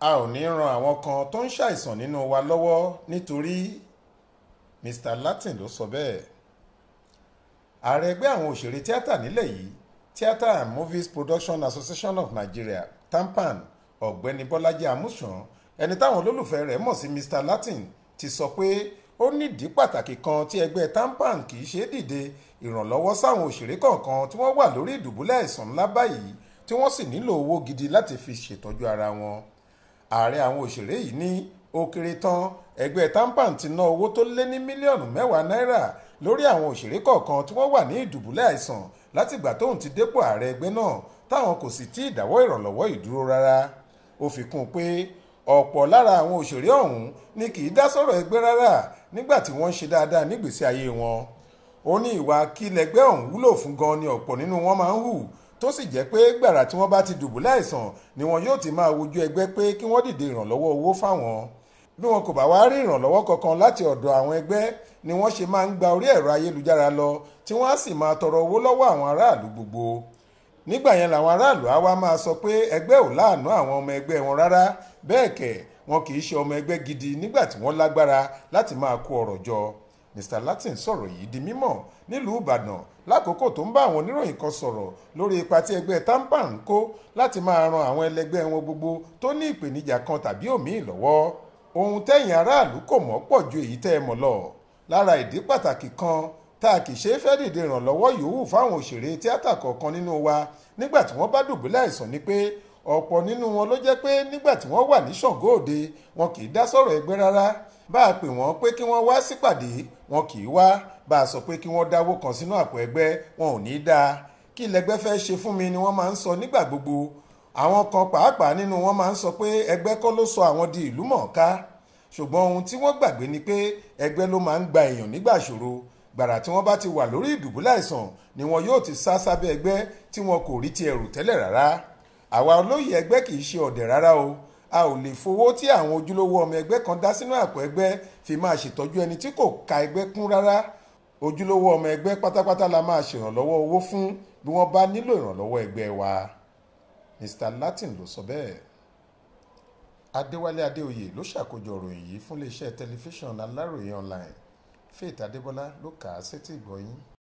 a ò ní ran àwọn kan tó ń ṣàìsàn nínú wa lọ́wọ́ nítorí Mr Latin ló sọ bẹ́ẹ̀ ààrẹ ẹgbẹ́ àwọn òṣèré tíátà nílẹ̀ yìí theatre and movies production association of nigeria tampan ọ̀gbẹ́ni bọ́lájí amúsàn ẹni táwọn olólùfẹ́ rẹ̀ mọ̀ sí mr latin ti sọ pé ó nídìí pàtàkì kan tí ẹgbẹ́ tampan kì í ṣe dìde ìrànlọ́wọ́ sáwọn òṣèré kọ̀ọ̀kan tí wọ́n wà lórí ìdùbúlẹ̀ àìsàn ńlá báyìí tí wọ́n sì nílò owó gidi láti fi ṣètọ́jú ara wọn ààrẹ àwọn òṣèré yìí ní ó kéré tán ẹgbẹ́ tampan ti ná owó tó lé ní mílíọ̀nù mẹ́wàá náírà lórí àwọn òṣèré kọ̀ọ̀kan tí wọ́n wà ní ìdùbúlẹ̀ àìsàn látìgbà tóun ti dépò ààrẹ ẹgbẹ́ náà táwọn kò sì tí ì dáwọ́ ìrànlọ́wọ́ ìdúró rárá ó fi kún un pé ọ̀pọ̀ lára àwọn òṣèré ọ̀hún ni kì í dá sọ̀rọ̀ ẹgbẹ́ rárá nígbà tí wọ́n ń ṣe dáadáa nígbésí ayé wọn ó ní ìwà kílẹ̀gbẹ́ ọ̀hún wúlò fún gan ni ọ̀pọ̀ nínú wọn máa ń hù tó sì jẹ́ pé gbàrà tí wọ́n bá ti dùbúlẹ̀ àìsàn ni wọn yóò ti máa wojú ẹgbẹ́ pé kí wọ́n dìde ìrànlọ́wọ́ owó fáwọn bí wọn kò bá wá rí ìrànlọ́wọ́ kankan láti ọ̀dọ̀ àwọn ẹgbẹ́ ni wọ́n ṣe máa ń gba orí ẹ̀rọ ayélujára lọ tí wọ́n á sì máa tọrọ owó lọ́wọ́ àwọn aráàlú gbogbo nígbà yẹn làwọn aráàlú á wá máa sọ pé ẹgbẹ́ ò láàánú àwọn ọmọ ẹgbẹ́ wọn rárá bẹ́ẹ̀ kẹ̀ wọn kì í ṣe ọmọ ẹgbẹ́ gidi nígbà tí wọ́n lágbára láti máa kó ọrọ̀ jọ Mr. Latin sọ̀rọ̀ yìí di mímọ̀ nílùú Ìbàdàn lákòókò tó ń bá àwọn oníròyìn kan sọ̀rọ̀ lórí ipa tí ẹgbẹ́ tampa ń kó láti máa ran àwọn ẹlẹgbẹ́ wọn gbogbo tó ní ìpèníjà kan tàbí òmíì lọ́wọ́ ohun tẹ́yìn aráàlú kò mọ̀ pọ̀ ju èyí tẹ́ ẹ mọ̀ lọ lára ìdí pàtàkì kan tá a kì í ṣe é fẹ́ dìde ìrànlọ́wọ́ yòówù fáwọn òṣèré tíátà kọ̀ọ̀kan nínú wa nígbà tí wọ́n bá dùbúlẹ̀ àìsàn ni pé ọ̀pọ̀ nínú wọn ló jẹ́ pé nígbà tí wọ́n wà ní Ṣàngó Òde wọn kì í dá sọ̀rọ̀ ẹgbẹ́ rárá bá a pè wọ́n pé kí wọ́n wá sípàdé wọn kì í wá bá a sọ pé kí wọ́n dáwó kan sínú àpò ẹgbẹ́ wọn ò ní í a kí lẹgbẹ́ fẹ́ ṣe fún mi ni wọ́n máa ń sọ nígbà gbogbo àwọn kan pàápàá nínú wọn máa ń sọ pé ẹgbẹ́ kọ́ ló sọ àwọn di ìlú mọ̀ọ́ká ṣùgbọ́n ohun tí wọ́n gbàgbé ni pé ẹgbẹ́ ló máa ń gba èèyàn nígbà ṣòro gbàrà tí wọ́n bá ti wà lórí ìdùbúlẹ̀ àìsàn ni wọn yóò ti sá sábẹ́ ẹgbẹ́ tí wọn kò rí ti ẹ̀rù tẹ́lẹ̀ rárá àwa olóyè ẹgbẹ́ kì í ṣe ọ̀dẹ̀ rárá o a ò lè fowó tí àwọn ojúlówó ọmọ ẹgbẹ́ kan dá sínú àpò ẹgbẹ́ fi máa ṣètọ́jú ẹni tí kò ka ẹgbẹ́ kún rárá ojúlówó ọmọ ẹgbẹ́ pátápátá la máa ṣèrànlọ́wọ́ owó fún bí wọ́n bá nílò ìrànlọ́wọ́ ẹgbẹ́ wa Mr. Latin ló sọ bẹ́ẹ̀ Adéwálé Adéoyè ló ṣàkójọ ìròyìn yìí fún iléeṣẹ́ tẹlifíṣàn Aláròye online Faith Adébọlá ló kà á sétí ìgbọ́